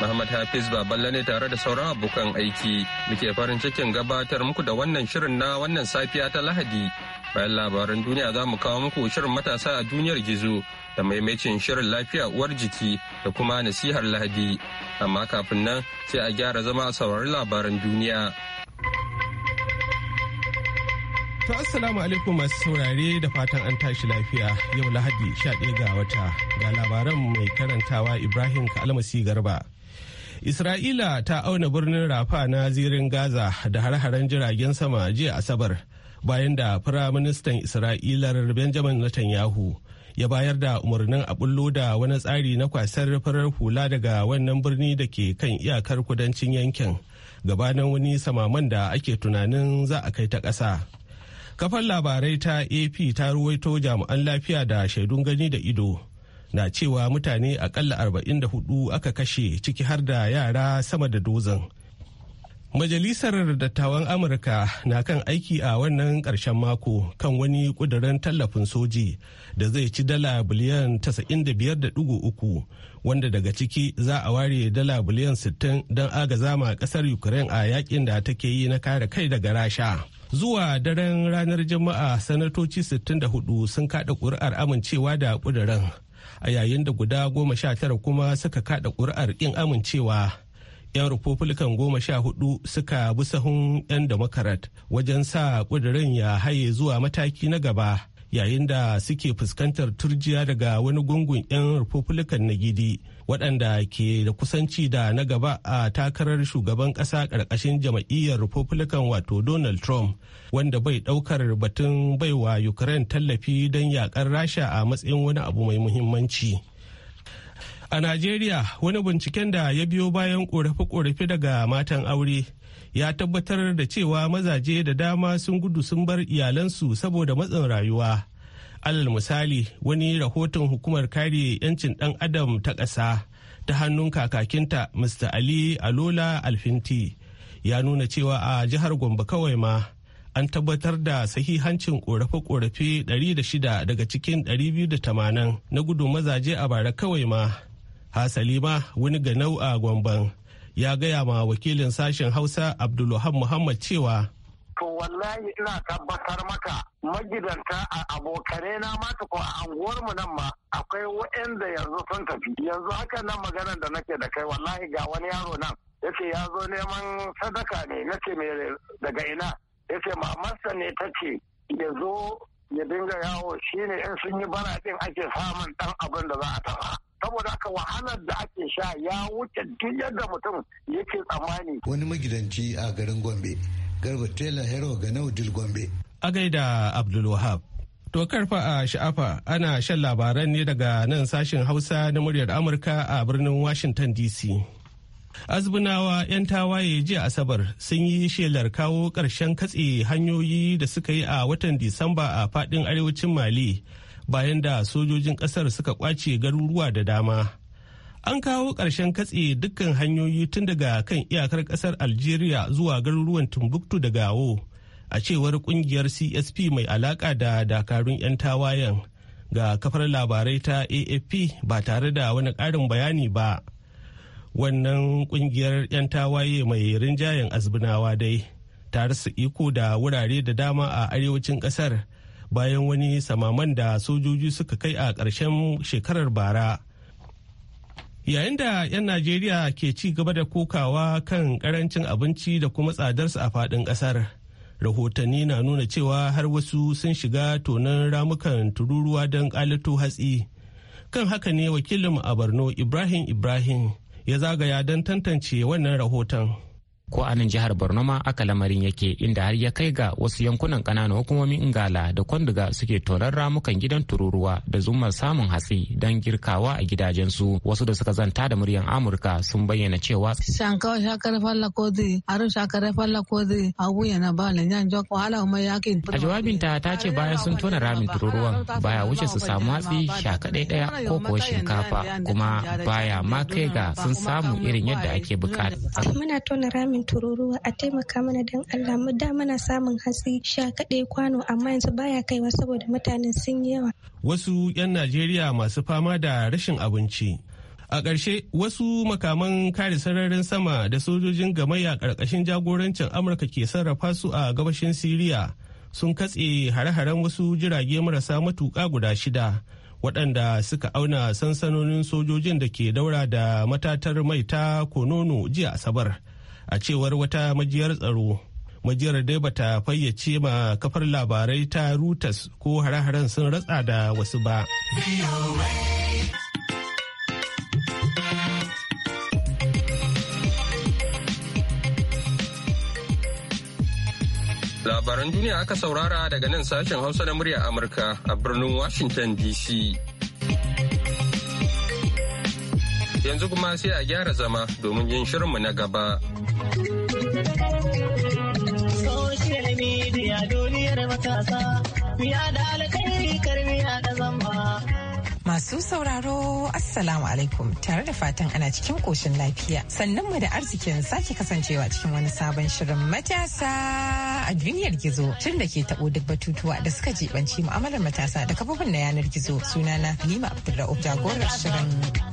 Muhammad Hafiz Baballe ne tare da sauran abokan aiki muke farin cikin gabatar muku da wannan shirin na wannan safiya ta Lahadi. Bayan labaran duniya za mu kawo muku shirin matasa a duniyar gizo da maimacin shirin lafiya uwar jiki da kuma nasihar Lahadi. Amma kafin nan sai a gyara zama a saurari labaran duniya. To assalamu alaikum masu saurare da fatan an tashi lafiya yau lahadi 11 ga wata ga labaran mai karantawa Ibrahim Kalmasi Garba. Isra'ila ta auna birnin Rafa na zirin Gaza da har-haren jiragen sama jiya Asabar bayan da Firaministan isra'ila Benjamin Netanyahu ya bayar da umarnin a bullo da wani tsari na kwasar farar hula daga wannan birni da ke kan iyakar kudancin yankin gabanin wani samaman da ake tunanin za a kai ta ƙasa. Kafar labarai ta AP ta ruwaito jami'an lafiya da shaidun gani da ido. na cewa mutane akalla 44 aka kashe ciki har da yara sama da dozan. Majalisar Dattawan Amurka na kan aiki a wannan ƙarshen mako kan wani ƙudurin tallafin soji da zai ci dala biliyan 95.3 wanda daga ciki za a ware dala biliyan 60 don agaza ma ƙasar Ukraine a yakin da take yi na kare kai daga rasha. Zuwa daren ranar Juma'a sanatoci 64 sun kaɗa ƙuri'ar amincewa da ƙudurin. a yayin da guda goma sha tara kuma suka kada ƙuri'ar ƙin amincewa 'yan republican goma sha hudu suka bi sahun 'yan democrat wajen sa ƙudurin ya haye zuwa mataki na gaba yayin da suke fuskantar turjiya daga wani gungun 'yan republican na gidi waɗanda ke da kusanci da na gaba a takarar shugaban ƙasa ƙarƙashin jama'iyyar republican wato donald trump wanda bai ɗaukar batun baiwa ukraine tallafi don yakar rasha a matsayin wani abu mai muhimmanci a najeriya wani binciken da ya biyo bayan ƙorafe-ƙorafe daga matan aure ya tabbatar da cewa mazaje da dama sun gudu sun bar iyalansu saboda matsin rayuwa alal misali wani rahoton hukumar kare 'yancin ɗan adam ta ƙasa ta hannun kakakinta mr ali alola alfinti ya nuna cewa a jihar gombe kawai ma an tabbatar da sahihancin korafe-korafe 600 daga cikin 280 na gudu mazaje a bara kawai ma hasali ma wani ganau a gomban ya gaya ma wakilin sashen hausa abdulluhan muhammad cewa to wallahi ina tabbatar maka magidanta a abokane na ma ko a unguwarmu nan ma akwai waɗanda yanzu sun tafi yanzu haka nan maganar da nake da kai wallahi ga wani yaro nan yace ya zo neman sadaka ne nace me daga ina yace mamarsa ne ta ce ya zo ya dinga yawo shine in sun yi bara din ake samun ɗan abin da za a tafa saboda haka wahalar da ake sha ya wuce duk yadda mutum yake tsammani wani magidanci a garin gombe garba tela hero ganau dil gombe a gaida abdulwahab to karfa a sha'afa ana shan labaran ne daga nan sashin hausa na muryar amurka a birnin washington dc azbunawa 'yan tawaye jiya asabar sun yi shelar kawo ƙarshen katse hanyoyi da suka yi a watan disamba a fadin arewacin mali bayan da sojojin ƙasar suka kwace garuruwa da dama an kawo ƙarshen katse dukkan hanyoyi tun daga kan iyakar ƙasar algeria zuwa garuruwan timbuktu da gawo a cewar ƙungiyar csp mai alaƙa da dakarun 'yan tawayen ga kafar labarai ta afp ba tare da wani ƙarin bayani ba wannan ƙungiyar 'yan tawaye mai rinjayen azbinawa dai tare su iko da wurare da dama a arewacin ƙasar bayan wani samaman da sojoji suka kai a ƙarshen shekarar bara. yayin da 'yan najeriya ke ci gaba da kokawa kan karancin abinci da kuma tsadarsa a faɗin ƙasar rahotanni na nuna cewa har wasu sun shiga tonan ramukan tururuwa don ƙalato hatsi kan haka ne wakilin a borno ibrahim ibrahim ya zagaya don tantance wannan rahoton ko anan jihar borno ma aka lamarin yake inda har ya kai ga wasu yankunan kananan hukumomin ingala da kwanduga suke tonon ramukan gidan tururuwa da zumar samun hatsi don girkawa a gidajensu wasu da suka zanta da muryan amurka sun bayyana cewa shakar shakar a jawabinta ta ce bayan sun tona ramin tururuwan baya wuce su samu hatsi shaka ɗaya ko kuwa shinkafa kuma baya ma kai ga sun samu irin yadda ake bukata samun tururuwa a taimaka mana don Allah mu da mana samun hatsi sha kaɗai kwano amma yanzu baya kaiwa saboda mutanen sun yi yawa. Wasu 'yan Najeriya masu fama da rashin abinci. A ƙarshe wasu makaman kare sararin sama da sojojin gamayya ƙarƙashin jagorancin Amurka ke sarrafa su a gabashin Siriya sun katse hare-haren wasu jirage marasa matuƙa guda shida. waɗanda suka auna sansanonin sojojin da ke daura da matatar mai ta konono jiya asabar a cewar wata majiyar tsaro majiyar dai bata fayyace ma kafar labarai ta rutas ko hare-haren sun ratsa da wasu ba labaran duniya aka saurara daga nan sashen hausa na murya amurka a birnin washington dc yanzu kuma sai a gyara zama domin yin shirinmu na gaba. Masu sauraro Assalamu alaikum tare da fatan ana cikin koshin lafiya. Sannan mu da arzikin sake kasancewa cikin wani sabon shirin matasa a duniyar gizo Shirin da ke taɓo duk batutuwa da suka jibanci mu'amalar matasa da kafofin na yanar gizo sunana Lima Abdulra'u jagorar shirin.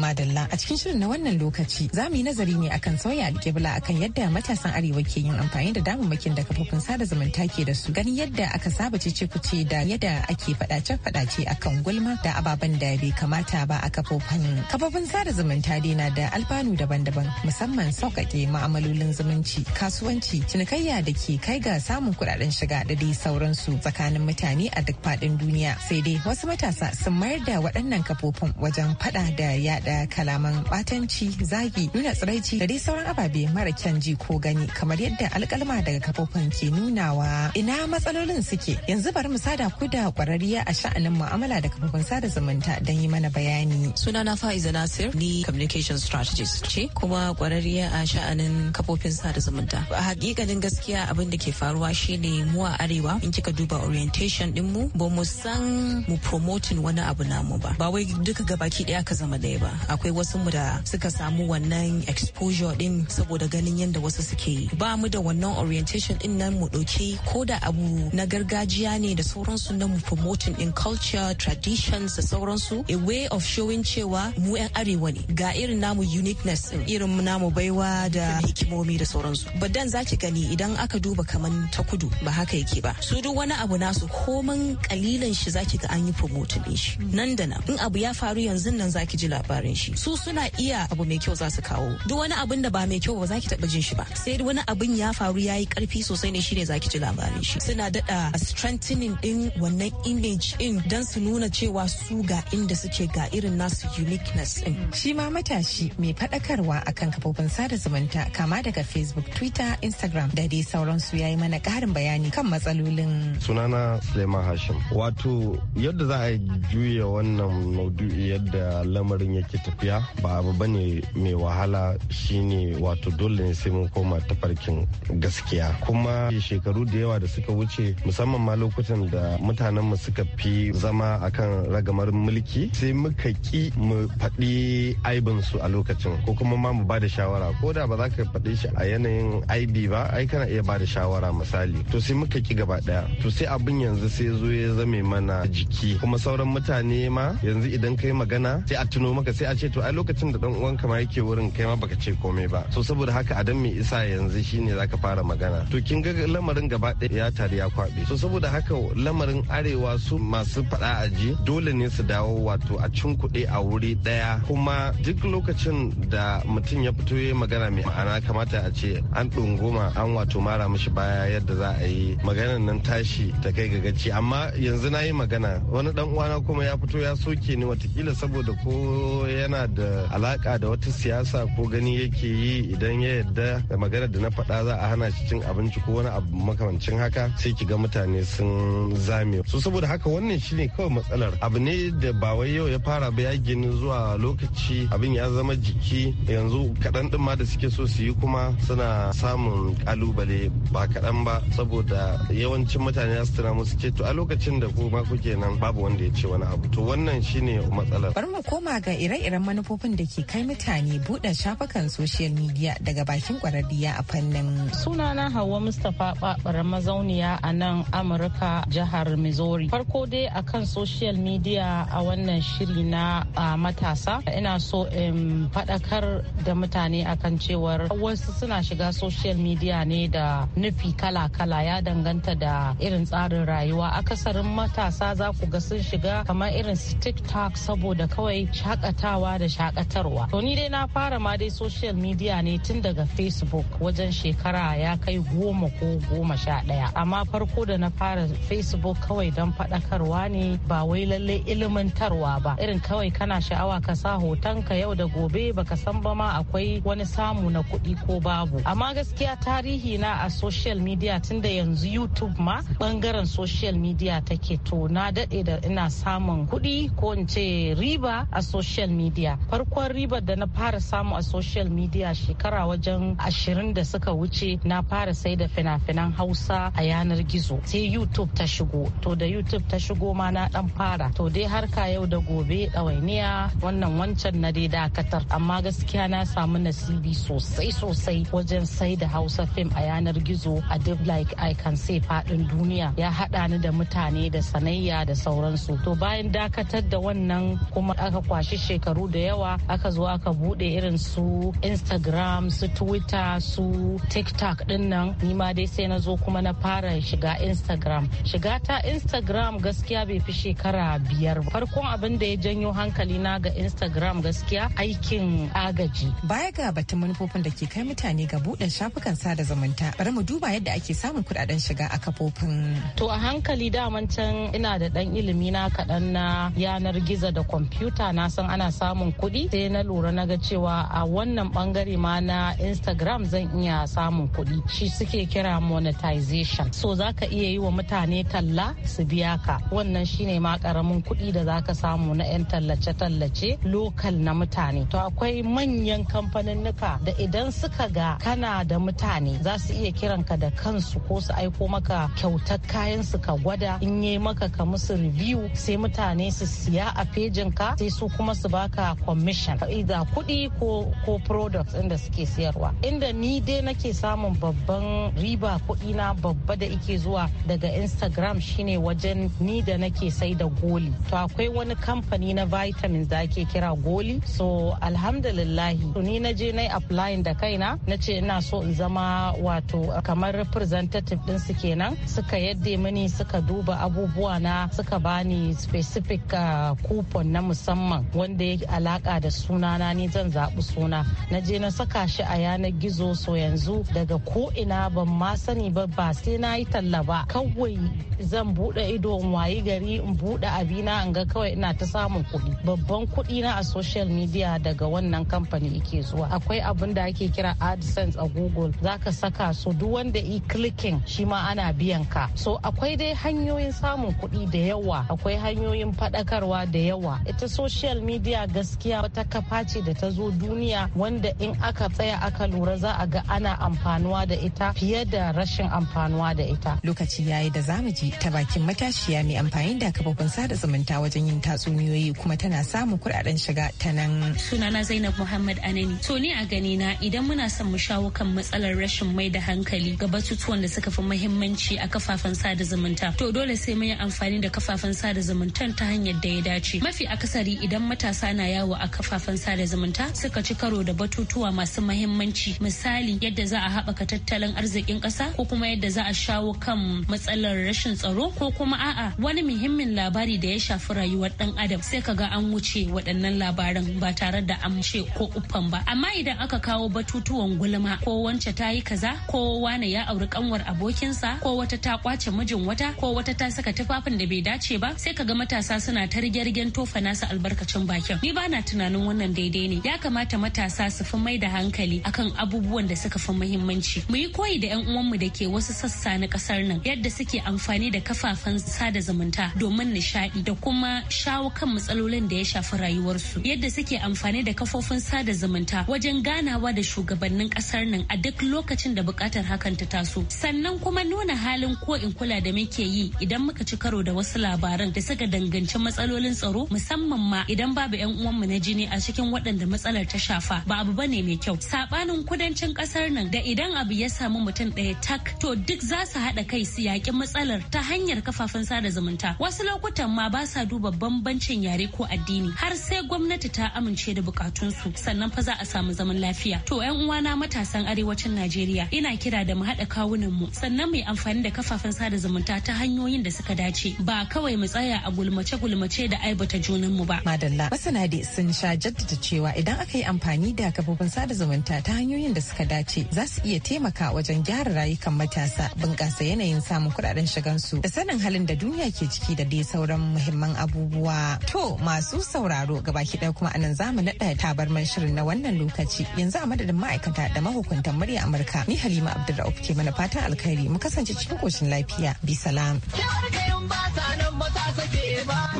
Madalla a cikin shirin na wannan lokaci za mu yi nazari ne akan sauya alƙibla akan yadda matasan arewa ke yin amfani da damammakin da kafofin sada zumunta ke da su ganin yadda aka saba cece kuce da yadda ake fadace fadace akan gulma da ababen da bai kamata ba a kafofin kafofin sada zumunta dai na da alfanu daban-daban musamman sauƙaƙe ma'amalolin zumunci kasuwanci cinikayya da ke kai ga samun kuɗaɗen shiga da dai sauransu tsakanin mutane a duk faɗin duniya sai dai wasu matasa sun mayar da waɗannan kafofin wajen faɗa da yaɗa da kalaman batanci zagi nuna tsiraici da dai sauran ababe mara kyan ji ko gani kamar yadda alkalma daga kafofin ke nunawa ina matsalolin suke yanzu bari mu sada ku da kwararriya a sha'anin mu'amala da kafofin sada zumunta don yi mana bayani suna na Faiza Nasir ni communication strategist ce kuma kwararriya a sha'anin kafofin sada zumunta a hakikanin gaskiya abin da ke faruwa shine mu a arewa in kika duba orientation din mu ba mu san mu promoting wani abu namu ba ba wai duka gabaki daya ka zama daya ba akwai wasu mu da suka samu wannan exposure din saboda ganin yadda wasu suke yi ba mu da wannan orientation din nan mu ɗauki ko da abu na gargajiya ne da sauransu na mu promoting in culture traditions da sauransu a way of showing cewa mu 'yan arewa ne ga irin namu uniqueness din irin namu baiwa da hikimomi da sauransu badan za ki gani idan aka duba kaman ta kudu ba haka yake ba su duk wani abu nasu komin kalilan shi zaki ga an yi promoting shi nan da nan in abu ya faru yanzu nan zaki ji labarin shi su suna iya abu mai kyau za su kawo duk wani abin da ba mai kyau ba za ki taba jin shi ba sai wani abin ya faru ya yi karfi sosai ne shine za ki ji labarin shi suna dada strengthening din wannan image din dan su nuna cewa su ga inda suke ga irin nasu uniqueness din shi ma matashi mai fadakarwa akan kafofin sada zumunta kama daga facebook twitter instagram da dai sauran sauransu yi mana karin bayani kan matsalolin sunana suleiman hashim wato yadda za a juya wannan maudu'i yadda lamarin yake tafiya ba abu bane mai wahala shine wato dole ne sai mun koma tafarkin gaskiya kuma shekaru da yawa da suka wuce musamman ma lokutan da mutanen mu suka fi zama akan ragamar mulki sai muka ki mu faɗi aibin su a lokacin ko kuma ma mu bada shawara ko da ba za ka faɗi shi a yanayin aibi ba ai kana iya bada shawara misali to sai muka ki gaba daya to sai abin yanzu sai zo ya zame mana jiki kuma sauran mutane ma yanzu idan kai magana sai a tuno maka sai a ce to ai lokacin da dan uwanka ma yake wurin kai ma baka ce komai ba so saboda haka a mai isa yanzu shine zaka fara magana to kin ga lamarin gaba ɗaya ya tare ya kwabe so saboda haka lamarin arewa su masu faɗa ji dole ne su dawo wato a cin kuɗi a wuri ɗaya kuma duk lokacin da mutum ya fito ya magana mai ma'ana kamata a ce an ɗunguma an wato mara mishi baya yadda za a yi maganan nan tashi ta kai gagaci amma yanzu na yi magana wani dan uwana kuma ya fito ya soke ni watakila saboda ko yana da alaka da wata siyasa ko gani yake yi idan ya yadda da magana da na faɗa za a hana shi cin abinci ko wani abu makamancin haka sai ki ga mutane sun zame su saboda haka wannan shine kawai matsalar abu ne da ba wai yau ya fara ba ya gini zuwa lokaci abin ya zama jiki yanzu kaɗan din ma da suke so su yi kuma suna samun kalubale ba kaɗan ba saboda yawancin mutane ya tuna musu ce to a lokacin da ku ma kuke nan babu wanda ya ce wani abu to wannan shine matsalar bari mu koma ga ire-iren manufofin da ke kai mutane buɗe shafukan social media daga bakin kwararriya a fannin. Sunana Hauwa Mustapha Babara mazauniya a nan Amurka jihar Missouri. Farko dai akan social media a wannan shiri na matasa ina so in faɗakar da mutane akan cewar wasu suna shiga social media ne da nufi kala-kala ya danganta da irin tsarin rayuwa akasarin matasa za ku ga sun shiga kamar irin tiktok saboda kawai shakata shakatawa da shakatarwa. To ni dai na fara ma dai social media ne tun daga Facebook wajen shekara ya kai goma ko goma sha ɗaya. Amma farko da na fara Facebook kawai don faɗakarwa ne ba wai lalle ilimantarwa ba. Irin kawai kana sha'awa ka sa hoton ka yau da gobe baka san ba ma akwai wani samu na kuɗi ko babu. Amma gaskiya tarihi na a social media tun da yanzu YouTube ma ɓangaren social media take to na daɗe da ina samun kuɗi ko in ce riba a social media farkon ribar da na fara samu a social media shekara wajen ashirin da suka wuce na fara sai da fina-finan hausa a yanar gizo sai youtube ta shigo to da youtube ta shigo ma na dan fara to dai harka yau da gobe ɗawainiya wannan wancan na dai dakatar amma gaskiya na samu nasibi sosai sosai wajen sai da hausa fim a yanar gizo a duk like i can say faɗin duniya ya haɗa ni da mutane da sanayya da sauransu to bayan dakatar da wannan kuma aka kwashi shekaru shekaru da yawa aka zo aka bude irin su instagram su twitter su tiktok din nan ni ma dai sai na zo kuma na fara shiga instagram shiga ta instagram gaskiya bai fi shekara biyar farkon abin da ya janyo hankali na ga instagram gaskiya aikin agaji baya ga batun manufofin da ke kai mutane ga buɗe shafukan sada zumunta bari mu duba yadda ake samun kudaden shiga a kafofin to a hankali daman can ina da dan ilimi na kaɗan na yanar gizo da kwamfuta na san ana samun kuɗi sai na lura na ga cewa a wannan bangare ma na instagram zan iya samun kuɗi shi suke kira monetization so za ka iya yi wa mutane talla su biya ka wannan shine ma karamin kuɗi da za ka samu na 'yan tallace-tallace lokal na mutane to akwai manyan kamfaninnika da idan suka ga kana da mutane za su iya kiranka da kansu ko su aiko maka kyautar kayan su ka gwada in yi maka ka musu review sai mutane su siya a pejin ka sai su kuma su ba maka commission da kuɗi ko ko products inda suke siyarwa inda ni dai nake samun babban riba kuɗi na babba da ike zuwa daga instagram shine wajen ni da nake sai da goli to akwai wani kamfani na vitamins da ake kira goli so alhamdulillahi to ni na je na applying da kaina na ce ina so in zama wato kamar representative din su kenan suka yadda mini suka duba abubuwa na suka bani specific ah, coupon na musamman wanda yake yi alaka da sunana ne zan zaɓi suna na je na saka shi a yanar gizo so yanzu daga ko ina ban ma sani ba ba sai na yi talla ba kawai zan buɗe ido in wayi gari in buɗe abina in ga kawai ina ta samun kuɗi babban kuɗi na a social media daga wannan kamfani yake zuwa akwai abin da ake kira adsense a google zaka saka su duk wanda i clicking shi ma ana biyan ka so akwai dai hanyoyin samun kuɗi da yawa akwai hanyoyin faɗakarwa da yawa ita social media gaskiya wata kafa ce da ta zo duniya wanda in aka tsaya aka lura za a ga ana amfanuwa da ita fiye da rashin amfanuwa da ita. Lokaci yayi da zamu ji ta bakin matashiya mai amfani da kafofin sada zumunta wajen yin tatsuniyoyi kuma tana samun kuɗaɗen shiga ta nan. Sunana Zainab Muhammad Anani. To ni a gani na idan muna son mu shawo kan matsalar rashin mai da hankali ga batutuwan da suka fi muhimmanci a kafafen sada zumunta. To dole sai mun yi amfani da kafafen sada zumuntan ta hanyar da ya dace. Mafi akasari idan matasa na yana yawo a kafafen sada zumunta suka ci karo da batutuwa masu mahimmanci misali yadda za a haɓaka tattalin arzikin ƙasa ko kuma yadda za a shawo kan matsalar rashin tsaro ko kuma a'a wani muhimmin labari da ya shafi rayuwar ɗan adam sai ka ga an wuce waɗannan labaran ba tare da an ce ko uffan ba amma idan aka kawo batutuwan gulma ko wance ta yi kaza ko wane ya auri kanwar abokinsa ko wata ta kwace mijin wata ko wata ta saka tufafin da bai dace ba sai ka ga matasa suna ta tofa nasu albarkacin bakin ni ba na tunanin wannan daidai ne ya kamata matasa su fi mai da hankali akan abubuwan da suka fi muhimmanci mu yi koyi da yan uwanmu da ke wasu sassa na kasar nan yadda suke amfani da kafafen sada zumunta domin nishaɗi da kuma shawo kan matsalolin da ya shafi rayuwarsu yadda suke amfani da kafofin sada zumunta wajen ganawa da shugabannin kasar nan a duk lokacin da bukatar hakan ta taso sannan kuma nuna halin ko in kula da muke yi idan muka ci karo da wasu labaran da suka danganci matsalolin tsaro musamman ma idan babu yan yan uwanmu na jini a cikin waɗanda matsalar ta shafa ba abu bane mai kyau sabanin kudancin kasar nan da idan abu ya samu mutum ɗaya tak to duk za su haɗa kai su yaƙi matsalar ta hanyar kafafen sada zumunta wasu lokutan ma ba sa duba bambancin yare ko addini har sai gwamnati ta amince da bukatunsu sannan fa za a samu zaman lafiya to yan uwana matasan arewacin najeriya ina kira da mu haɗa kawunan mu sannan mu amfani da kafafen sada zumunta ta hanyoyin da suka dace ba kawai mu tsaya a gulmace gulmace da aibata junan mu ba madalla masana sun sha jaddada cewa idan aka yi amfani da kafofin sada zumunta ta hanyoyin da suka dace za su iya taimaka wajen gyara rayukan matasa bunƙasa yanayin samun kuɗaɗen shigansu da sanin halin da duniya ke ciki da dai sauran muhimman abubuwa. To masu sauraro gaba ɗaya kuma anan za mu naɗa tabarman shirin na wannan lokaci yanzu a madadin ma'aikata da mahukuntan murya Amurka ni Halima Abdulrauf ke mana fatan alkhairi mu kasance cikin koshin lafiya bi salam.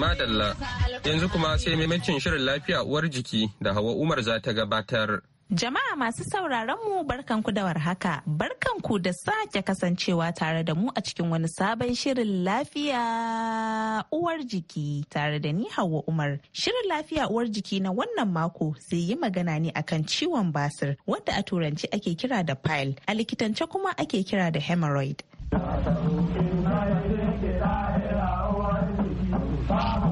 Madalla, yanzu kuma sai maimacin shirin lafiya uwar jiki da Hawa Umar za ta gabatar. Jama'a masu sauraron mu barkanku da warhaka, barkanku da sake kasancewa tare da mu a cikin wani sabon shirin lafiya uwar jiki tare da ni Hauwa Umar. Shirin lafiya uwar jiki na wannan mako sai yi magana ne akan ciwon basir wanda a turanci ake kira da pile, a likitance kuma ake kira da hemorrhoid. Father.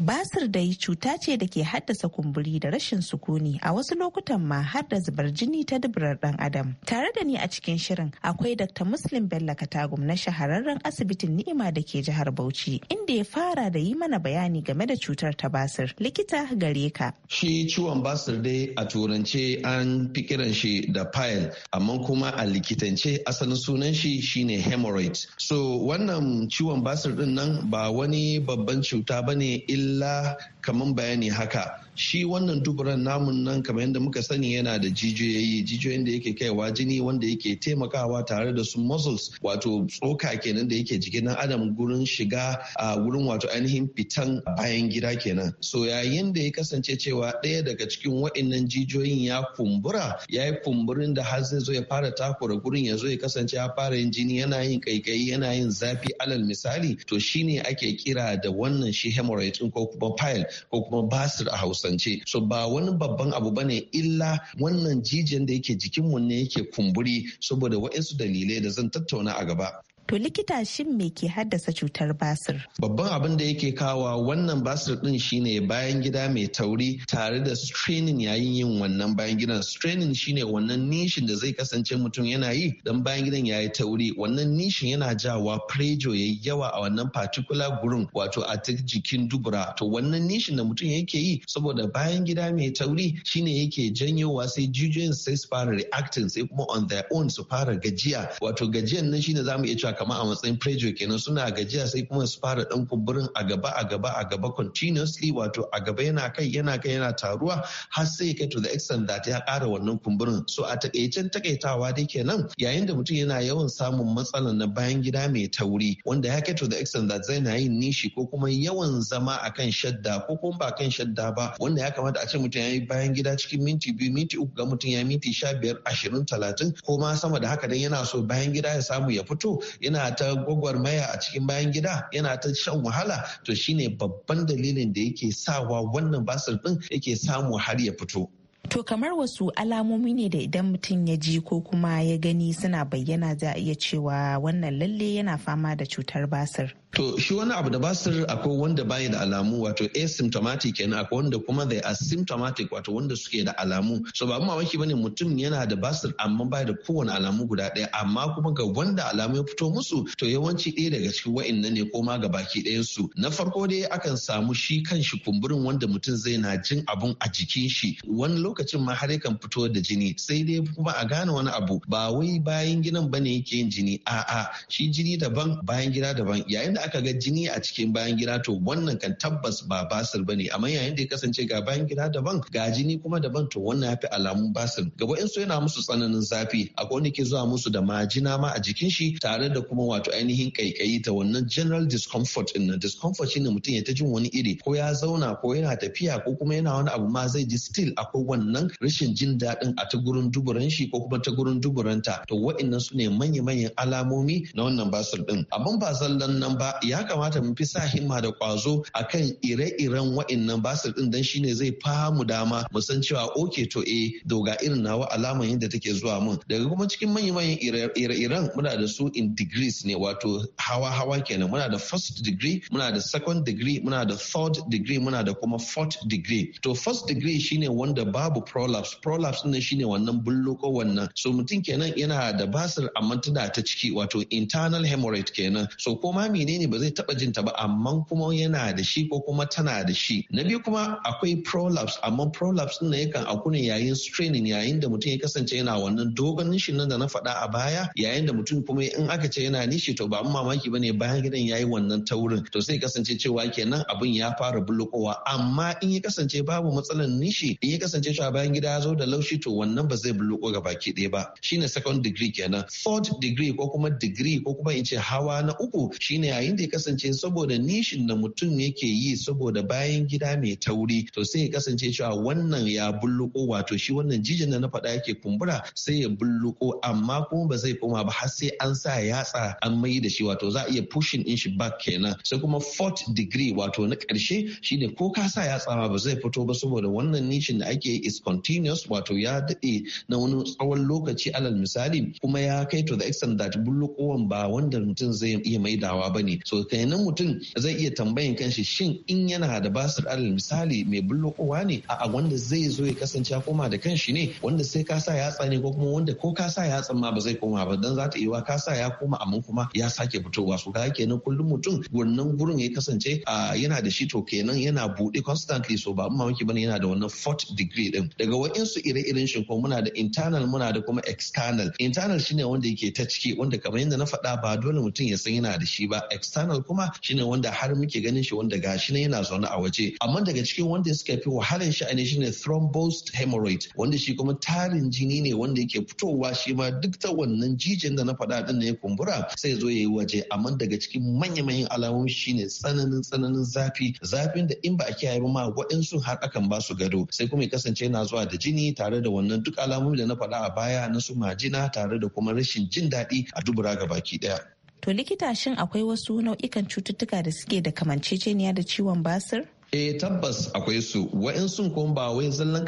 basir dai cuta ce da ke haddasa kumburi da rashin sukuni a wasu lokutan ma har da zubar jini ta dubrar dan adam tare da ni a cikin shirin akwai dr muslim bello katagum na shahararren asibitin ni'ima da ke jihar bauchi inda ya fara da yi mana bayani game da cutar ta basir likita gare ka shi ciwon basir dai a turance an fi kiran shi da pile amma kuma a likitance asalin sunan shi shine hemorrhoid so wannan ciwon basir din nan ba wani babban cuta bane illa illah kamar bayani haka shi wannan duburan namun nan kamar yadda muka sani yana da jijiyoyi jijiyoyin da yake kaiwa jini wanda yake taimakawa tare da su muscles wato tsoka kenan da yake jikin dan adam gurin shiga a gurin wato ainihin fitan bayan gida kenan so yayin da ya kasance cewa ɗaya daga cikin waɗannan jijiyoyin ya kumbura ya yi kumburin da har zai zo ya fara takura gurin ya zo ya kasance ya fara yin jini yana yin kaikayi yana yin zafi alal misali to shine ake kira da wannan shi hemorrhoid ko kuma pile ko kuma basir a hausance so ba wani babban abu bane illa wannan jijiyan da yake jikinmu ne yake kumburi saboda waɗansu dalilai da zan tattauna a gaba To likita shin me ke haddasa cutar basir? Babban abin da yake kawa wannan basir din shine bayan gida mai tauri tare da straining yayin yin wannan bayan gidan. Straining shine wannan nishin da zai kasance mutum yana yi dan bayan gidan yayi tauri. Wannan nishin yana jawa pressure yayi yawa a wannan particular gurin wato a jikin dubura. To wannan nishin da mutum yake yi saboda bayan gida mai tauri shine yake janyowa sai jijiyoyin sai su fara reacting sai kuma on their own su fara gajiya. Wato gajiyan nan shine zamu iya cewa kamar a matsayin pressure kenan suna gajiya sai kuma su fara dan kumburin a gaba a gaba a gaba continuously wato a gaba yana kai yana kai yana taruwa har sai kai to the extent that ya kara wannan kumburin so a takaicen takaitawa dai kenan yayin da mutum yana yawan samun matsalan na bayan gida mai tauri wanda ya kai to the extent that zai na yin nishi ko kuma yawan zama akan shadda ko kuma ba kan shadda ba wanda ya kamata a ce mutum ya yi bayan gida cikin minti biyu minti uku ga mutum ya minti sha biyar ashirin talatin ko ma sama da haka dan yana so bayan gida ya samu ya fito yana ta gwagwarmaya a cikin bayan gida yana ta shan wahala to shine babban dalilin da yake sawa wannan basir din yake samu har ya fito To kamar wasu alamomi ne da idan mutum ya ji ko kuma ya gani suna bayyana za a iya cewa wannan lalle yana fama da cutar basir. To shi wani abu da basir akwai wanda baya da alamu wato asymptomatic kenan akwai wanda kuma they are symptomatic wato wanda suke da alamu. So ba mamaki bane mutum yana da basir amma baya da kowane alamu guda ɗaya amma kuma ga wanda alamu ya fito musu to yawanci ɗaya daga cikin wa'annan ne koma ga baki ɗayan su. Na farko dai akan samu shi kan shi kumburin wanda mutum zai na jin abun a jikin shi wani lokacin ma har yakan fito da jini sai dai kuma a gane wani abu ba wai bayan gidan bane yake yin jini a'a shi jini daban bayan gida daban yayin da aka ga jini a cikin bayan gida to wannan kan tabbas ba basir ba ne amma yayin da ya kasance ga bayan gida daban ga jini kuma daban to wannan ya fi alamun basir gaba in so yana musu tsananin zafi akwai wani ke zuwa musu da majina ma a jikin shi tare da kuma wato ainihin kaikayi ta wannan general discomfort din na discomfort shine mutum ya ta jin wani iri ko ya zauna ko yana tafiya ko kuma yana wani abu ma zai ji still akwai wannan rashin jin daɗin a ta gurin duburan shi ko kuma ta gurin duburanta to wa'annan su ne manya-manyan alamomi na wannan basir din abin ba zallan nan ba ya kamata mu fi sa himma da kwazo akan ire-iren wa'annan basir din dan shine zai famu dama mu san cewa oke to eh doga irin nawa alaman yadda take zuwa mun daga kuma cikin manya-manyan ire-iren muna da su in degrees ne wato hawa-hawa kenan muna da first degree muna da second degree muna da third degree muna da kuma fourth degree to first degree shine wanda babu prolapse prolapse ne shine wannan ko wannan so mutum kenan yana da basir amma tana ta ciki wato internal hemorrhage kenan so koma menene ne ba zai taba jinta ba amma kuma yana da shi ko kuma tana da shi na biyu kuma akwai prolapse amma prolapse din yakan aku ne yayin straining yayin da mutum ya kasance yana wannan dogon nishin nan da na faɗa a baya yayin da mutum kuma in aka ce yana nishi to ba mamaki ba ne bayan gidan yayi wannan taurin to sai kasance cewa kenan abin ya fara bulukowa amma in ya kasance babu matsalan nishi in ya kasance cewa bayan gida ya zo da laushi to wannan ba zai buluko ga baki ɗaya ba shine second degree kenan third degree ko kuma degree ko kuma in ce hawa na uku shine yayin yayin da ya kasance saboda nishin da mutum yake yi saboda bayan gida mai tauri to sai ya kasance cewa wannan ya bulluko wato shi wannan jijin da na faɗa yake kumbura sai ya bulluko amma kuma ba zai koma ba har sai an sa yatsa an mai da shi wato za a iya pushing in shi back kenan sai kuma fourth degree wato na ƙarshe shine ko ka sa yatsa ma ba zai fito ba saboda wannan nishin da ake is continuous wato ya daɗe na wani tsawon lokaci alal misali kuma ya kai to the extent that bullukowan ba wanda mutum zai iya maidawa ba ne shi so kenan mutum zai iya tambayan kanshi shin in yana da basir alal misali mai bullokowa ne a wanda zai zo ya kasance koma da kanshi ne wanda sai ka sa yatsa ne ko kuma wanda ko ka sa yatsan ma ba zai koma ba dan za ta iya ka sa ya koma amma kuma ya sake fitowa so ka kenan kullum mutum wannan gurin ya kasance a yana da shi to kenan yana buɗe constantly so ba mamaki bane yana da wannan fourth degree din daga wa'insu ire-iren shi ko muna da internal muna da kuma external internal shine wanda yake ta ciki wanda kamar yadda na faɗa ba dole mutum ya san yana da shi ba external kuma shine wanda har muke ganin shi wanda gashi ne yana zaune a waje amma daga cikin wanda suka fi wahalar sha'ani shine thrombosed hemorrhoid wanda shi kuma tarin jini ne wanda yake fitowa shi ma duk ta wannan jijin da na faɗa din ne ya kumbura sai zo yayi waje amma daga cikin manya-manyan alamomi shine tsananin tsananin zafi zafin da in ba a kiyaye ba ma waɗansu har akan ba su gado sai kuma ya kasance yana zuwa da jini tare da wannan duk alamomi da na faɗa a baya na su majina tare da kuma rashin jin daɗi a dubura ga baki ɗaya. To likita shin akwai wasu nau'ikan cututtuka da suke da kamanceceniya da ciwon basir? Eh tabbas akwai su wa'insu kuma ba wai zallan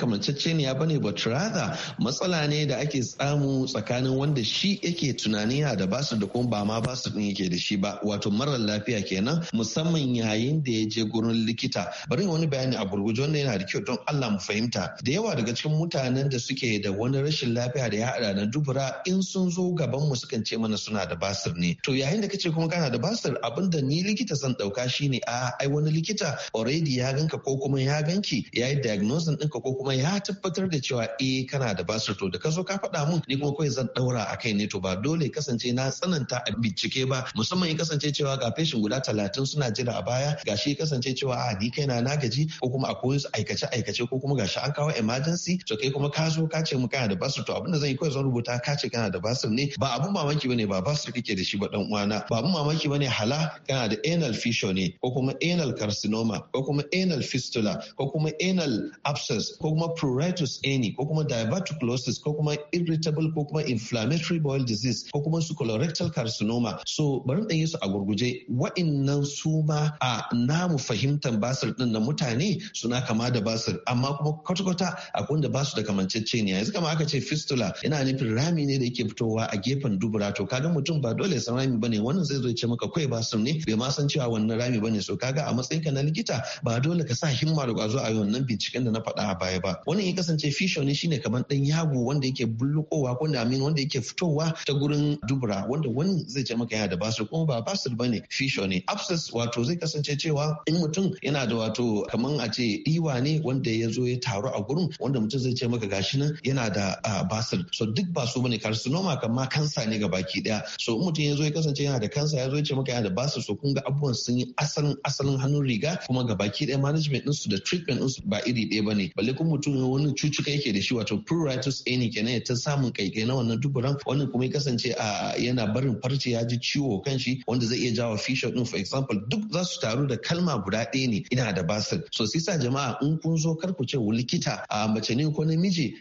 ya bane ba rather matsala ne da ake samu tsakanin wanda shi yake tunani yana da basu da kuma ba ma basu din yake da shi ba wato marar lafiya kenan musamman yayin da ya je gurin likita bari wani bayani a gurguje wanda yana da kyau don Allah mu fahimta da yawa daga cikin mutanen da suke da wani rashin lafiya da ya hada na dubura in sun zo gaban mu sukan ce mana suna da basir ne to yayin da kace kuma kana da basir abinda ni likita zan dauka shine a ai wani likita already misali ya ganka ko kuma ya ganki ya yi diagnosis ɗinka ko kuma ya tabbatar da cewa e kana da basir to da ka zo ka faɗa mun ni kuma kawai zan ɗaura a kai ne to ba dole kasance na tsananta a bincike ba musamman ya kasance cewa ga feshin guda talatin suna jira a baya gashi ya kasance cewa a ah, ni kaina na gaji ko kuma a koyi aikace aikace ko kuma gashi an kawo emergency to kai kuma ka zo ka ce mu kana da basir to abinda zan yi kawai zan rubuta ka ce kana da basir ne ba abun mamaki bane ba basir kake da shi ba dan uwana ba abun mamaki bane hala kana da anal fissure ne ko kuma anal carcinoma ko kuma kuma anal fistula ko kuma anal abscess ko kuma pruritus any ko kuma diverticulosis ko kuma irritable ko kuma inflammatory bowel disease ko kuma su colorectal carcinoma so bari mu yi su a gurguje wa'innan su ma a namu fahimtar basir ɗin na mutane suna kama da basir amma kuma kwata-kwata akwai wanda basu da kamancece ne yanzu kama aka ce fistula yana nufin rami ne da yake fitowa a gefen dubura to kaga mutum ba dole san rami bane wannan zai zo ya ce maka kai basir ne bai ma san cewa wannan rami bane so kaga a matsayin ka na likita ba ba dole ka sa himma da kwazo a yi wannan binciken da na faɗa a baya ba wannan ya kasance fisho ne shine kamar dan yago wanda yake bullukowa ko da amin wanda yake fitowa ta gurin dubura wanda wani zai ce maka yana da basir kuma ba basir bane fisho ne abscess wato zai kasance cewa in mutum yana da wato kamar a ce diwa ne wanda ya zo ya taru a gurin wanda mutum zai ce maka gashi nan yana da basir so duk ba su bane carcinoma kamar kansa ne gabaki daya so in mutum ya zo ya kasance yana da kansa ya zo ya ce maka yana da basir so kun ga abubuwan sun yi asalin asalin hannun riga kuma gabaki baki ɗaya management ɗinsu da treatment ɗinsu ba iri ɗaya ba ne balle kuma mutum wani cucuka yake da shi wato pruritus ne kenan ta samun kaikai na wannan duburan wannan kuma ya kasance a yana barin farce ya ji ciwo kan shi wanda zai iya jawo fisher ɗin for example duk za su taru da kalma guda ɗaya ne ina da basir so sai sa jama'a in kun zo kar ku ce likita a mace ne ko namiji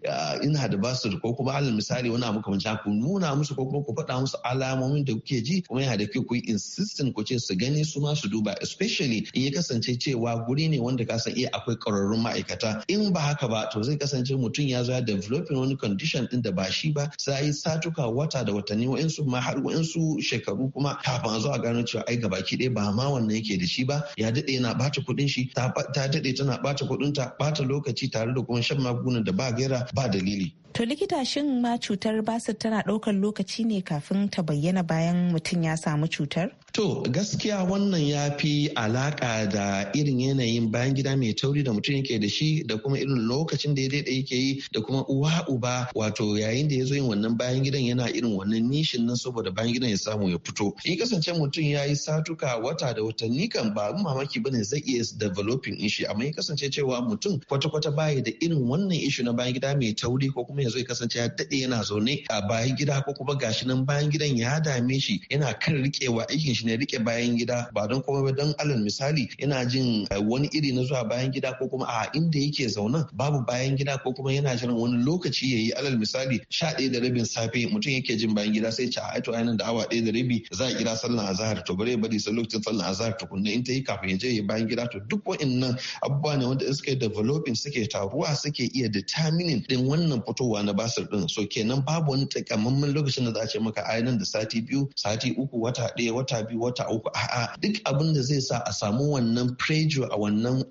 ina da basir ko kuma alal misali wani abu kamar ku nuna musu ko kuma ku faɗa musu alamomin da kuke ji kuma yana da kyau ku yi insistent ku ce su gani su ma su duba especially in ya kasance cewa guri ne wanda ka san iya eh, akwai ƙwararrun ma'aikata in ba haka ba to zai kasance mutum ya zo ya developing wani condition din da ba shi ba sai satuka wata da watanni wa'insu ma har wa'insu shekaru kuma kafin a zo a gano cewa ai gabaki ɗaya ba ma wannan yake da shi ba ya daɗe yana ɓata kuɗin shi ta daɗe tana ɓata kuɗin ta ɓata lokaci tare da kuma shan magungunan da ba gaira ba dalili. To likita shin ma cutar basir tana ɗaukar lokaci ne kafin ta bayyana bayan mutum ya samu cutar? To gaskiya wannan ya fi alaka da irin yanayin bayan gida mai tauri da mutum yake da shi da kuma irin lokacin da ya daidai yake yi da kuma uwa uba wato yayin da ya zo yin wannan bayan gidan yana irin wannan nishin nan saboda bayan gidan ya samu ya fito. In kasance mutum ya yi satuka wata da watanni kan ba mamaki ba ne zai iya developing ishi. amma ya kasance cewa mutum kwata-kwata baya da irin wannan ishi na bayan gida mai tauri ko kuma ya zo ya kasance ya daɗe yana zaune a bayan gida ko kuma gashi nan bayan gidan ya dame shi yana kan riƙewa aikin shi shi ne rike bayan gida ba don kuma ba don alal misali ina jin eh, wani iri na zuwa bayan gida ko kuma a inda yake zaunan babu bayan gida ko kuma yana jiran wani lokaci ya yi alal misali sha ɗaya da rabin safe mutum yake jin bayan gida sai ce a aito ainihin da awa ɗaya da rabi za a kira sallan azahar to bari bari sai lokacin sallan azahar tukunna in ta yi kafin ya je ya bayan gida to duk wa'annan abubuwa ne wanda suke developing suke taruwa suke iya determining din wannan fitowa na basir din so kenan babu wani takamamman lokacin da za a ce maka ainihin da sati biyu sati uku wata ɗaya wata biyu biyu wata uku a'a duk abin da zai sa a samu wannan pressure a wannan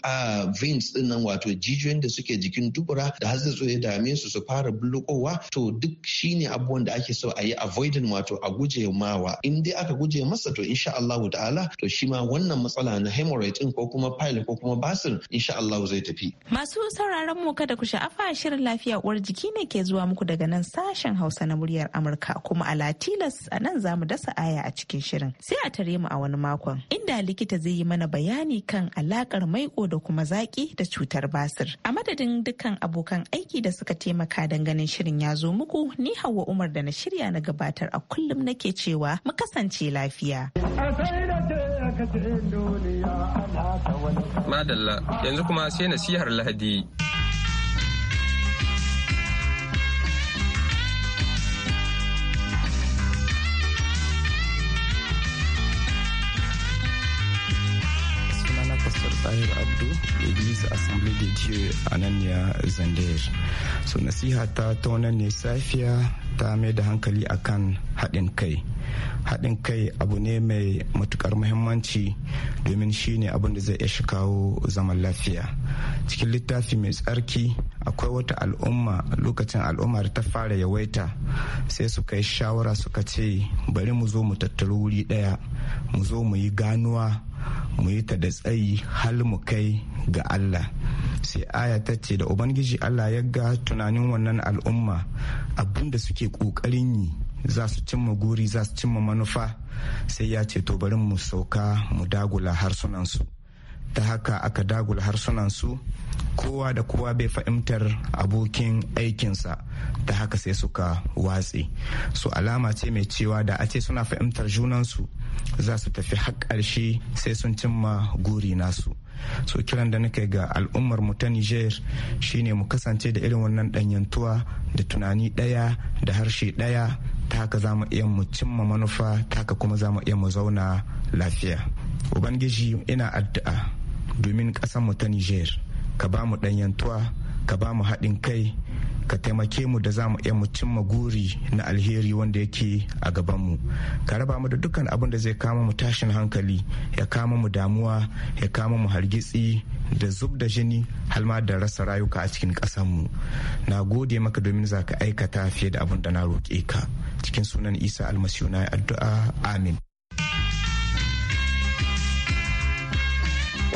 veins din wato jijiyoyin da suke jikin dubura da har zai ya dame su su fara bulukowa to duk shine abubuwan da ake so a yi avoiding wato a guje mawa in dai aka guje masa to insha Allahu ta'ala to shi ma wannan matsala na hemorrhoid din ko kuma pile ko kuma basir insha Allahu zai tafi masu sauraron mu kada ku sha'afa shirin lafiya uwar jiki ne ke zuwa muku daga nan sashen Hausa na muryar Amurka kuma a Latilas a nan zamu dasa aya a cikin shirin sai a a tare mu a wani makon inda likita zai yi mana bayani kan alakar maiko da kuma zaki da cutar basir. A madadin dukkan abokan aiki da suka taimaka don ganin shirin ya zo muku ni Hauwa Umar da na shirya na gabatar a kullum nake cewa mu kasance lafiya. Madalla yanzu kuma sai nasihar Lahadi. Tahir Abdu l'église Assemblée da Dieux a nan ya Zandayar. So nasiha ta taunan ne safiya ta mai da hankali akan haɗin kai. haɗin kai abu ne mai matukar muhimmanci domin shi ne abin da zai iya shi kawo zaman lafiya cikin littafi mai tsarki akwai wata al'umma lokacin al'ummar ta fara yawaita sai suka yi shawara suka ce bari mu zo mu tattaro wuri ɗaya mu zo mu yi ganuwa mu yi ta da tsayi hal mu kai ga Allah sai aya ta ce da ubangiji Allah ya ga tunanin wannan al'umma da suke kokarin yi za su cimma guri za su cimma manufa sai ya ce to bari mu sauka mu dagula harsunansu ta haka aka dagula harsunansu kowa da kowa bai fahimtar abokin aikinsa ta haka sai suka watse su alama ce mai cewa da a ce suna fahimtar junansu za su tafi har sai sun cimma guri nasu so kiran da nake ga al'ummar mu ta niger shine mu kasance da irin wannan ɗanyantuwa da tunani ɗaya da harshe ɗaya ta haka za mu iya mu cimma manufa ta haka kuma za mu iya mu zauna lafiya ubangiji ina addu'a domin ƙasar mu ta niger ka ba mu ɗanyantuwa ka ba mu haɗin kai ka taimake mu da za mu iya mu cimma guri na alheri wanda yake a gaban mu. ka raba mu da dukkan abin da zai kama mu tashin hankali ya kama mu damuwa ya kama mu hargitsi da zub da jini halma da rasa rayuka a cikin mu na gode maka domin za ka aikata fiye da abin da na roƙe ka cikin sunan isa almasiyu na addu'a amin